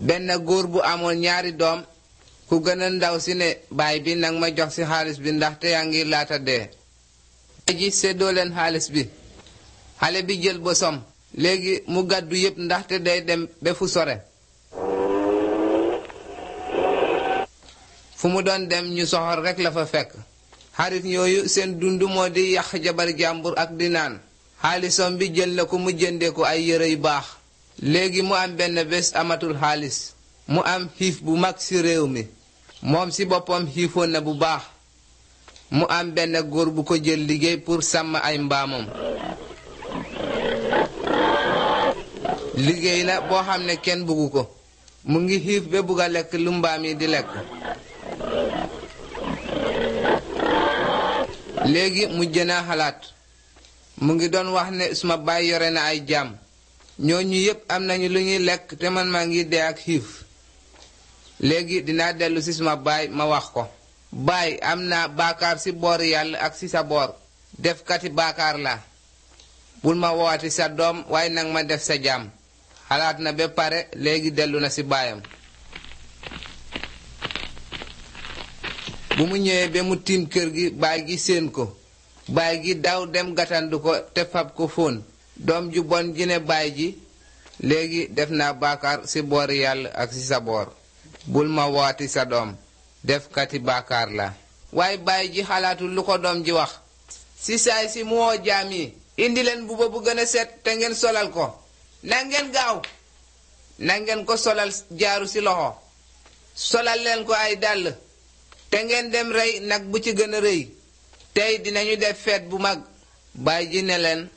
benn góor bu amoon ñaari doom ku gën a ndaw si ne baay bi nag ma jox si xaalis bi ndaxte yaa ngir laata dee ji séddoo leen xaalis bi xale bi jël bosom léegi mu gàddu yépp ndaxte day dem ba fu sore fumu doon dem ñu soxor rekk la fa fekk xarit yooyu seen dund moo di yàq jabar jàmbur ak di naan xaalisom bi jël na ko mu jëndee ko ay yére yu baax léegi mu am benn bés amatul xaalis mu am xiif bu mag ci réew mi moom ci boppam xiifoon na bu baax mu am benn góor bu ko jël liggéey pour sàmm ay mbaamam liggéey la boo xam ne kenn buggu ko mu ngi xiif ba bugg lekk lu mbaam yi di lekk léegi mu na xalaat mu ngi doon wax ne suma baay yore na ay jaam ñooñu yépp am nañu lu ñuy lekk te man maa ngi dee ak xiif léegi dinaa dellu si suma baay ma wax ko baay am na baakaar si yàlla ak si sa boor defkati baakaar la bul ma woowati sa doom waaye nag ma def sa jaam xalaat na ba pare léegi dellu na si baayam bu mu ñëwee ba mu tiim kër gi baay gi séen ko baay gi daw dem gatandu ko te fab ko fóon doom ju bon ji ne baay ji léegi def naa baakaar siboor boori yàlla ak si sa boor bul ma wooti sa doom def kati baakaar la waaye baay ji xalaatul lu ko doom ji wax si saay si mu woo jaam yi indi leen mbuba bu gën a set te ngeen solal ko na ngeen gaaw na ngeen ko solal jaaru si loxo solal leen ko ay dàll te ngeen dem rey nag bu ci gën a rëy tey dinañu def feet bu mag bay ji ne leen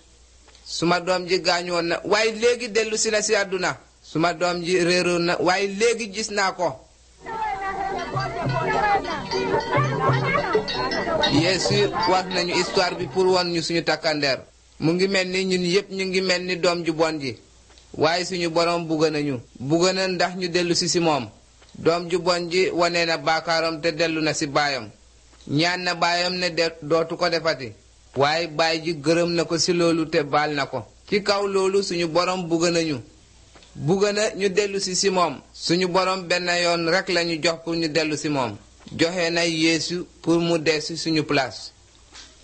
suma doom ji gaañoon na waaye léegi dellu si na si àdduna suma doom ji réeroon na waaye léegi gis naa ko Yeesu wax nañu histoire bi pour woon ñu suñu takkandeer mu ngi mel ni ñun yépp ñu ngi mel ni doom ju bon ji waaye suñu boroom bugga nañu ndax ñu dellu si si moom doom ju bon ji wane na baakaaram te dellu na si baayam ñaan na baayam ne dootu ko defati waaye baay ji gërëm na ko ci loolu te baal na ko ci kaw loolu suñu borom bugg nañu bugg na ñu dellu si si moom suñu borom benn yoon rek lañu jox pour ñu dellu si moom joxe na yéesu pour mu dee si suñu place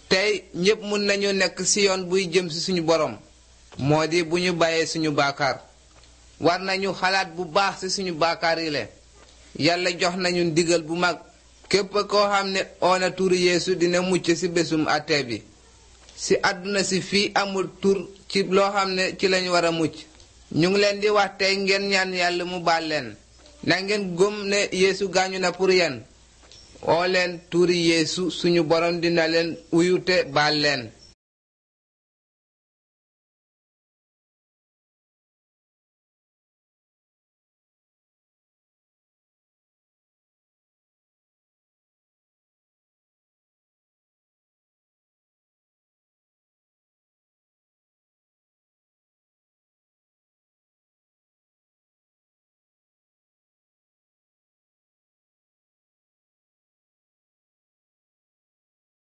tey ñépp mun nañu nekk si yoon buy jëm si suñu borom moo di bu ñu bàyyee suñu baakaar war nañu xalaat bu baax si suñu baakaar yi le yàlla jox nañu ndigal bu mag képp koo xam ne oona turu yéesu dina mucc si bésum àtte bi si àdduna si fii amul tur ci loo xam ne ci lañ war a mucc ñu ngi leen di wax tey ngeen ñaan yàlla mu baal leen na ngeen gëm ne yeesu gaañu na pour yéen oo leen tuuri yéesu suñu borom dina leen uyute baal leen